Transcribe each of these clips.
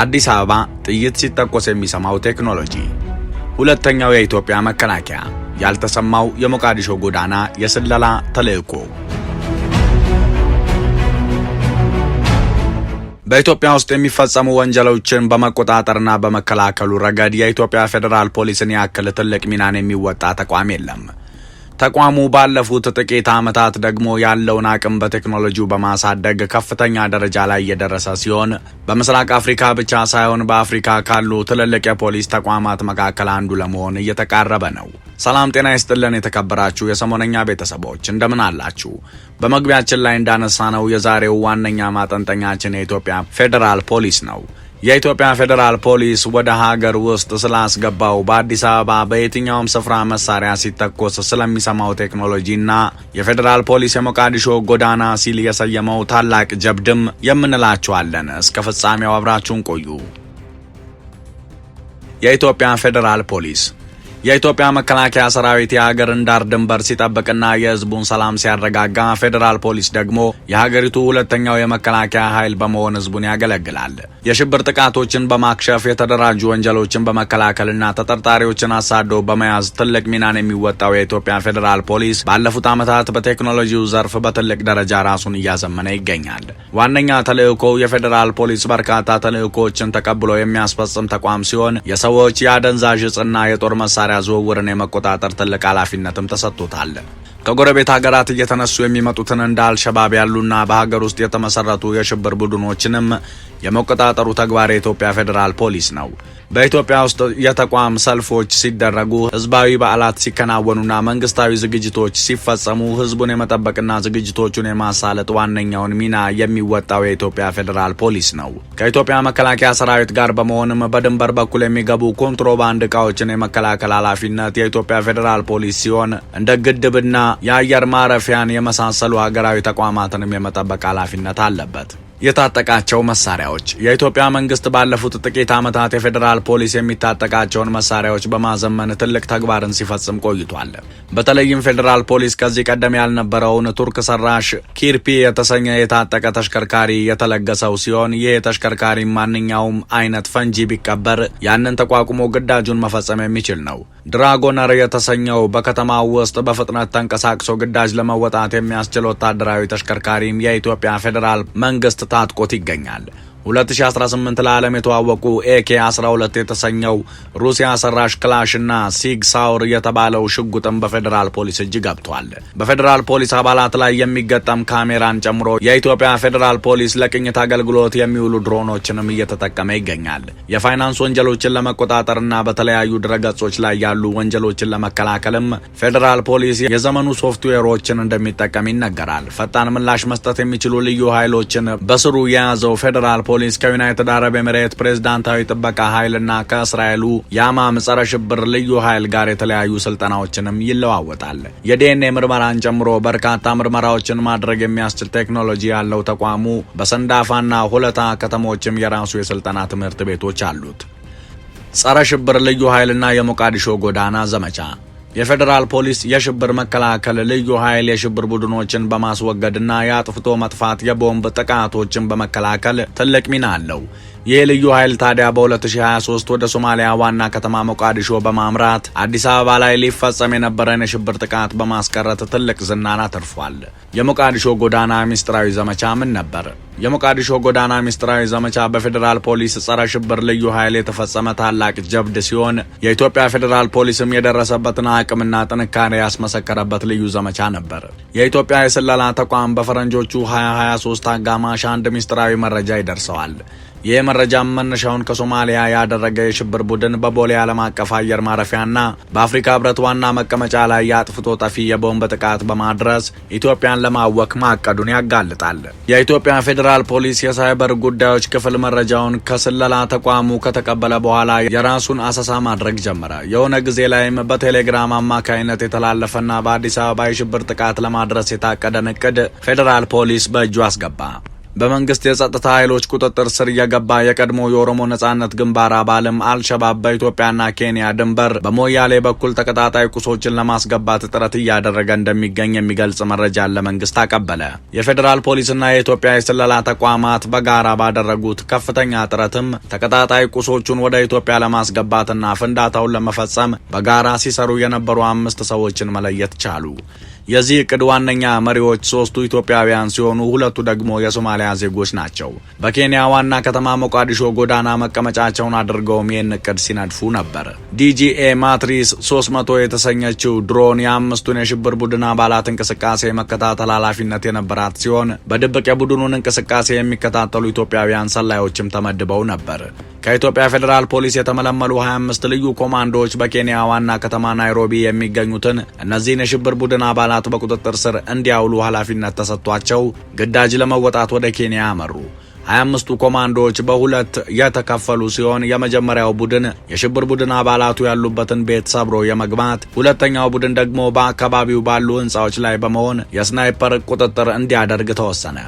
አዲስ አበባ ጥይት ሲተኮስ የሚሰማው ቴክኖሎጂ። ሁለተኛው የኢትዮጵያ መከላከያ ያልተሰማው የሞቃዲሾ ጎዳና የስለላ ተልዕኮ። በኢትዮጵያ ውስጥ የሚፈጸሙ ወንጀሎችን በመቆጣጠርና በመከላከሉ ረገድ የኢትዮጵያ ፌዴራል ፖሊስን ያክል ትልቅ ሚናን የሚወጣ ተቋም የለም። ተቋሙ ባለፉት ጥቂት ዓመታት ደግሞ ያለውን አቅም በቴክኖሎጂው በማሳደግ ከፍተኛ ደረጃ ላይ የደረሰ ሲሆን በምስራቅ አፍሪካ ብቻ ሳይሆን በአፍሪካ ካሉ ትልልቅ የፖሊስ ተቋማት መካከል አንዱ ለመሆን እየተቃረበ ነው። ሰላም ጤና ይስጥልን የተከበራችሁ የሰሞነኛ ቤተሰቦች እንደምን አላችሁ? በመግቢያችን ላይ እንዳነሳ ነው የዛሬው ዋነኛ ማጠንጠኛችን የኢትዮጵያ ፌዴራል ፖሊስ ነው። የኢትዮጵያ ፌዴራል ፖሊስ ወደ ሀገር ውስጥ ስላስገባው በአዲስ አበባ በየትኛውም ስፍራ መሳሪያ ሲተኮስ ስለሚሰማው ቴክኖሎጂና የፌዴራል ፖሊስ የሞቃዲሾ ጎዳና ሲል የሰየመው ታላቅ ጀብድም የምንላችኋለን። እስከ ፍጻሜው አብራችሁን ቆዩ። የኢትዮጵያ ፌዴራል ፖሊስ የኢትዮጵያ መከላከያ ሰራዊት የሀገርን ዳር ድንበር ሲጠብቅና የሕዝቡን ሰላም ሲያረጋጋ፣ ፌዴራል ፖሊስ ደግሞ የሀገሪቱ ሁለተኛው የመከላከያ ኃይል በመሆን ሕዝቡን ያገለግላል። የሽብር ጥቃቶችን በማክሸፍ የተደራጁ ወንጀሎችን በመከላከልና ተጠርጣሪዎችን አሳዶ በመያዝ ትልቅ ሚናን የሚወጣው የኢትዮጵያ ፌዴራል ፖሊስ ባለፉት ዓመታት በቴክኖሎጂው ዘርፍ በትልቅ ደረጃ ራሱን እያዘመነ ይገኛል። ዋነኛ ተልዕኮው የፌዴራል ፖሊስ በርካታ ተልእኮዎችን ተቀብሎ የሚያስፈጽም ተቋም ሲሆን የሰዎች የአደንዛዥ እጽና የጦር መሳሪያ ገበያ ዝውውርን የመቆጣጠር ትልቅ ኃላፊነትም ተሰጥቶታል። ከጎረቤት ሀገራት እየተነሱ የሚመጡትን እንደ አልሸባብ ያሉና በሀገር ውስጥ የተመሰረቱ የሽብር ቡድኖችንም የመቆጣጠሩ ተግባር የኢትዮጵያ ፌዴራል ፖሊስ ነው። በኢትዮጵያ ውስጥ የተቋም ሰልፎች ሲደረጉ፣ ህዝባዊ በዓላት ሲከናወኑና መንግስታዊ ዝግጅቶች ሲፈጸሙ ህዝቡን የመጠበቅና ዝግጅቶቹን የማሳለጥ ዋነኛውን ሚና የሚወጣው የኢትዮጵያ ፌዴራል ፖሊስ ነው። ከኢትዮጵያ መከላከያ ሰራዊት ጋር በመሆንም በድንበር በኩል የሚገቡ ኮንትሮባንድ እቃዎችን የመከላከል ኃላፊነት የኢትዮጵያ ፌዴራል ፖሊስ ሲሆን እንደ ግድብና የአየር ማረፊያን የመሳሰሉ ሀገራዊ ተቋማትንም የመጠበቅ ኃላፊነት አለበት። የታጠቃቸው መሳሪያዎች የኢትዮጵያ መንግስት ባለፉት ጥቂት ዓመታት የፌዴራል ፖሊስ የሚታጠቃቸውን መሳሪያዎች በማዘመን ትልቅ ተግባርን ሲፈጽም ቆይቷል። በተለይም ፌዴራል ፖሊስ ከዚህ ቀደም ያልነበረውን ቱርክ ሰራሽ ኪርፒ የተሰኘ የታጠቀ ተሽከርካሪ የተለገሰው ሲሆን ይህ ተሽከርካሪ ማንኛውም አይነት ፈንጂ ቢቀበር ያንን ተቋቁሞ ግዳጁን መፈጸም የሚችል ነው። ድራጎነር የተሰኘው በከተማው ውስጥ በፍጥነት ተንቀሳቅሶ ግዳጅ ለመወጣት የሚያስችል ወታደራዊ ተሽከርካሪም የኢትዮጵያ ፌዴራል መንግስት ታጥቆት ይገኛል። 2018 ለዓለም የተዋወቁ ኤኬ 12 የተሰኘው ሩሲያ ሰራሽ እና ሲግ ሳውር የተባለው ሽጉጥን በፌዴራል ፖሊስ እጅ ገብቷል። በፌዴራል ፖሊስ አባላት ላይ የሚገጠም ካሜራን ጨምሮ የኢትዮጵያ ፌዴራል ፖሊስ ለቅኝት አገልግሎት የሚውሉ ድሮኖችንም እየተጠቀመ ይገኛል። የፋይናንስ ወንጀሎችን ለመቆጣጠርና በተለያዩ ድረገጾች ላይ ያሉ ወንጀሎችን ለመከላከልም ፌዴራል ፖሊስ የዘመኑ ሶፍትዌሮችን እንደሚጠቀም ይነገራል። ፈጣን ምላሽ መስጠት የሚችሉ ልዩ ኃይሎችን በስሩ የያዘው ፌዴራል ፖሊስ ከዩናይትድ አረብ ኤምሬት ፕሬዝዳንታዊ ጥበቃ ኃይልና ከእስራኤሉ የአማ ጸረ ሽብር ልዩ ኃይል ጋር የተለያዩ ስልጠናዎችንም ይለዋወጣል። የዲኤንኤ ምርመራን ጨምሮ በርካታ ምርመራዎችን ማድረግ የሚያስችል ቴክኖሎጂ ያለው ተቋሙ በሰንዳፋና ሁለታ ከተሞችም የራሱ የስልጠና ትምህርት ቤቶች አሉት። ጸረ ሽብር ልዩ ኃይልና የሞቃዲሾ ጎዳና ዘመቻ የፌዴራል ፖሊስ የሽብር መከላከል ልዩ ኃይል የሽብር ቡድኖችን በማስወገድና የአጥፍቶ መጥፋት የቦምብ ጥቃቶችን በመከላከል ትልቅ ሚና አለው። ይህ ልዩ ኃይል ታዲያ በ2023 ወደ ሶማሊያ ዋና ከተማ ሞቃዲሾ በማምራት አዲስ አበባ ላይ ሊፈጸም የነበረን የሽብር ጥቃት በማስቀረት ትልቅ ዝናን አትርፏል። የሞቃዲሾ ጎዳና ሚስጥራዊ ዘመቻ ምን ነበር? የሞቃዲሾ ጎዳና ሚስጥራዊ ዘመቻ በፌዴራል ፖሊስ ጸረ ሽብር ልዩ ኃይል የተፈጸመ ታላቅ ጀብድ ሲሆን የኢትዮጵያ ፌዴራል ፖሊስም የደረሰበትን አቅምና ጥንካሬ ያስመሰከረበት ልዩ ዘመቻ ነበር። የኢትዮጵያ የስለላ ተቋም በፈረንጆቹ 2023 አጋማሽ አንድ ሚስጥራዊ መረጃ ይደርሰዋል። ይህ መረጃ መነሻውን ከሶማሊያ ያደረገ የሽብር ቡድን በቦሌ ዓለም አቀፍ አየር ማረፊያና በአፍሪካ ህብረት ዋና መቀመጫ ላይ የአጥፍቶ ጠፊ የቦምብ ጥቃት በማድረስ ኢትዮጵያን ለማወክ ማቀዱን ያጋልጣል። የኢትዮጵያ ፌዴራል ፖሊስ የሳይበር ጉዳዮች ክፍል መረጃውን ከስለላ ተቋሙ ከተቀበለ በኋላ የራሱን አሰሳ ማድረግ ጀመረ። የሆነ ጊዜ ላይም በቴሌግራም አማካይነት የተላለፈና በአዲስ አበባ የሽብር ጥቃት ለማድረስ የታቀደን እቅድ ፌዴራል ፖሊስ በእጁ አስገባ። በመንግስት የጸጥታ ኃይሎች ቁጥጥር ስር እየገባ የቀድሞ የኦሮሞ ነጻነት ግንባር አባልም አልሸባብ በኢትዮጵያና ኬንያ ድንበር በሞያሌ በኩል ተቀጣጣይ ቁሶችን ለማስገባት ጥረት እያደረገ እንደሚገኝ የሚገልጽ መረጃን ለመንግስት አቀበለ። የፌዴራል ፖሊስና የኢትዮጵያ የስለላ ተቋማት በጋራ ባደረጉት ከፍተኛ ጥረትም ተቀጣጣይ ቁሶቹን ወደ ኢትዮጵያ ለማስገባትና ፍንዳታውን ለመፈጸም በጋራ ሲሰሩ የነበሩ አምስት ሰዎችን መለየት ቻሉ። የዚህ እቅድ ዋነኛ መሪዎች ሶስቱ ኢትዮጵያውያን ሲሆኑ ሁለቱ ደግሞ የሶማሊያ ዜጎች ናቸው። በኬንያ ዋና ከተማ ሞቃዲሾ ጎዳና መቀመጫቸውን አድርገውም ይህን እቅድ ሲነድፉ ነበር። ዲጂኤ ማትሪስ 300 የተሰኘችው ድሮን የአምስቱን የሽብር ቡድን አባላት እንቅስቃሴ መከታተል ኃላፊነት የነበራት ሲሆን በድብቅ የቡድኑን እንቅስቃሴ የሚከታተሉ ኢትዮጵያውያን ሰላዮችም ተመድበው ነበር። ከኢትዮጵያ ፌዴራል ፖሊስ የተመለመሉ 25 ልዩ ኮማንዶዎች በኬንያ ዋና ከተማ ናይሮቢ የሚገኙትን እነዚህን የሽብር ቡድን አባላት ባለስልጣናት በቁጥጥር ስር እንዲያውሉ ኃላፊነት ተሰጥቷቸው ግዳጅ ለመወጣት ወደ ኬንያ አመሩ። 25ቱ ኮማንዶዎች በሁለት የተከፈሉ ሲሆን የመጀመሪያው ቡድን የሽብር ቡድን አባላቱ ያሉበትን ቤት ሰብሮ የመግባት፣ ሁለተኛው ቡድን ደግሞ በአካባቢው ባሉ ሕንፃዎች ላይ በመሆን የስናይፐር ቁጥጥር እንዲያደርግ ተወሰነ።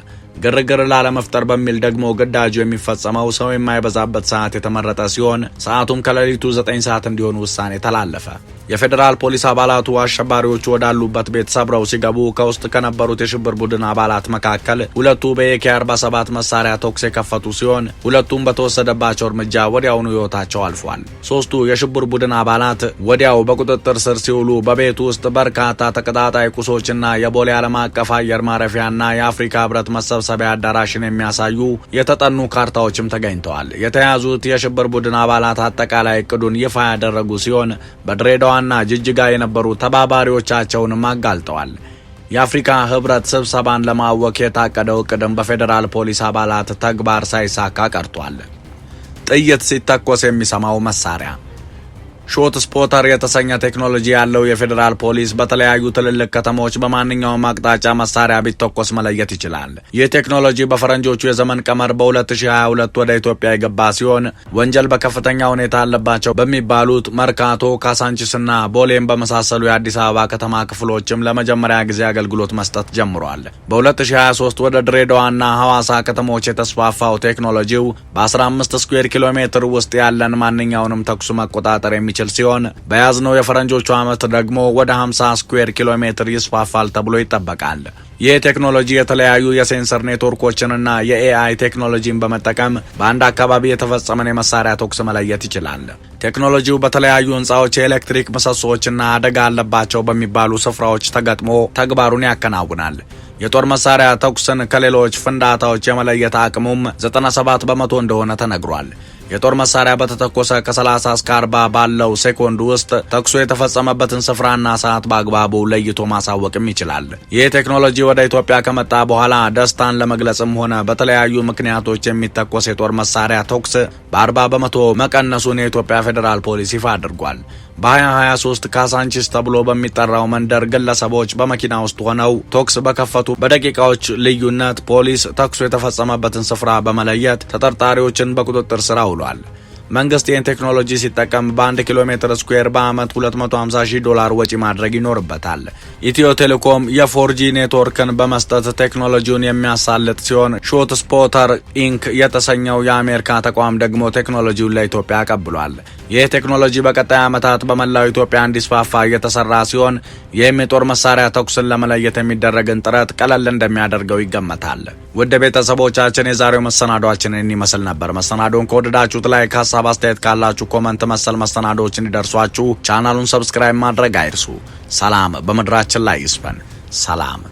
ግርግር ላለመፍጠር በሚል ደግሞ ግዳጁ የሚፈጸመው ሰው የማይበዛበት ሰዓት የተመረጠ ሲሆን ሰዓቱም ከሌሊቱ 9 ሰዓት እንዲሆን ውሳኔ ተላለፈ። የፌዴራል ፖሊስ አባላቱ አሸባሪዎቹ ወዳሉበት ቤት ሰብረው ሲገቡ ከውስጥ ከነበሩት የሽብር ቡድን አባላት መካከል ሁለቱ በኤኬ 47 መሳሪያ ተኩስ የከፈቱ ሲሆን ሁለቱም በተወሰደባቸው እርምጃ ወዲያውኑ ሕይወታቸው አልፏል። ሶስቱ የሽብር ቡድን አባላት ወዲያው በቁጥጥር ስር ሲውሉ በቤት ውስጥ በርካታ ተቀጣጣይ ቁሶችና የቦሌ ዓለም አቀፍ አየር ማረፊያና የአፍሪካ ህብረት መሰብሰቢያ አዳራሽን የሚያሳዩ የተጠኑ ካርታዎችም ተገኝተዋል። የተያዙት የሽብር ቡድን አባላት አጠቃላይ እቅዱን ይፋ ያደረጉ ሲሆን በድሬዳዋ ድሬዳዋና ጅጅጋ የነበሩ ተባባሪዎቻቸውንም አጋልጠዋል። የአፍሪካ ህብረት ስብሰባን ለማወክ የታቀደው እቅድም በፌዴራል ፖሊስ አባላት ተግባር ሳይሳካ ቀርቷል። ጥይት ሲተኮስ የሚሰማው መሳሪያ ሾት ስፖተር የተሰኘ ቴክኖሎጂ ያለው የፌዴራል ፖሊስ በተለያዩ ትልልቅ ከተሞች በማንኛውም አቅጣጫ መሳሪያ ቢተኮስ መለየት ይችላል። ይህ ቴክኖሎጂ በፈረንጆቹ የዘመን ቀመር በ2022 ወደ ኢትዮጵያ የገባ ሲሆን ወንጀል በከፍተኛ ሁኔታ አለባቸው በሚባሉት መርካቶ፣ ካሳንቺስና ቦሌም በመሳሰሉ የአዲስ አበባ ከተማ ክፍሎችም ለመጀመሪያ ጊዜ አገልግሎት መስጠት ጀምሯል። በ2023 ወደ ድሬዳዋና ሐዋሳ ከተሞች የተስፋፋው ቴክኖሎጂው በ15 ስኩዌር ኪሎ ሜትር ውስጥ ያለን ማንኛውንም ተኩስ መቆጣጠር የሚ የሚችል ሲሆን በያዝነው የፈረንጆቹ ዓመት ደግሞ ወደ 50 ስኩዌር ኪሎ ሜትር ይስፋፋል ተብሎ ይጠበቃል። ይህ ቴክኖሎጂ የተለያዩ የሴንሰር ኔትወርኮችንና የኤአይ ቴክኖሎጂን በመጠቀም በአንድ አካባቢ የተፈጸመን የመሳሪያ ተኩስ መለየት ይችላል። ቴክኖሎጂው በተለያዩ ህንፃዎች፣ የኤሌክትሪክ ምሰሶዎችና አደጋ አለባቸው በሚባሉ ስፍራዎች ተገጥሞ ተግባሩን ያከናውናል። የጦር መሳሪያ ተኩስን ከሌሎች ፍንዳታዎች የመለየት አቅሙም 97 በመቶ እንደሆነ ተነግሯል። የጦር መሳሪያ በተተኮሰ ከ30 እስከ 40 ባለው ሴኮንድ ውስጥ ተኩሶ የተፈጸመበትን ስፍራና ሰዓት በአግባቡ ለይቶ ማሳወቅም ይችላል። ይህ ቴክኖሎጂ ወደ ኢትዮጵያ ከመጣ በኋላ ደስታን ለመግለጽም ሆነ በተለያዩ ምክንያቶች የሚተኮስ የጦር መሳሪያ ተኩስ በ40 በመቶ መቀነሱን የኢትዮጵያ ፌዴራል ፖሊስ ይፋ አድርጓል። በ2023 ካሳንቺስ ተብሎ በሚጠራው መንደር ግለሰቦች በመኪና ውስጥ ሆነው ተኩስ በከፈቱ በደቂቃዎች ልዩነት ፖሊስ ተኩሱ የተፈጸመበትን ስፍራ በመለየት ተጠርጣሪዎችን በቁጥጥር ስር አውሏል። መንግስት ይህን ቴክኖሎጂ ሲጠቀም በአንድ ኪሎ ሜትር ስኩዌር በአመት 250 ሺህ ዶላር ወጪ ማድረግ ይኖርበታል። ኢትዮ ቴሌኮም የፎርጂ ኔትወርክን በመስጠት ቴክኖሎጂውን የሚያሳልጥ ሲሆን ሾት ስፖተር ኢንክ የተሰኘው የአሜሪካ ተቋም ደግሞ ቴክኖሎጂውን ለኢትዮጵያ አቀብሏል። ይህ ቴክኖሎጂ በቀጣይ ዓመታት በመላው ኢትዮጵያ እንዲስፋፋ እየተሰራ ሲሆን ይህም የጦር መሳሪያ ተኩስን ለመለየት የሚደረግን ጥረት ቀለል እንደሚያደርገው ይገመታል። ውድ ቤተሰቦቻችን የዛሬው መሰናዷችንን ይመስል ነበር። መሰናዶን ከወደዳችሁት ላይ ሀሳብ አስተያየት ካላችሁ ኮመንት፣ መሰል መሰናዶዎች እንዲደርሷችሁ ቻናሉን ሰብስክራይብ ማድረግ አይርሱ። ሰላም በምድራችን ላይ ይስፈን። ሰላም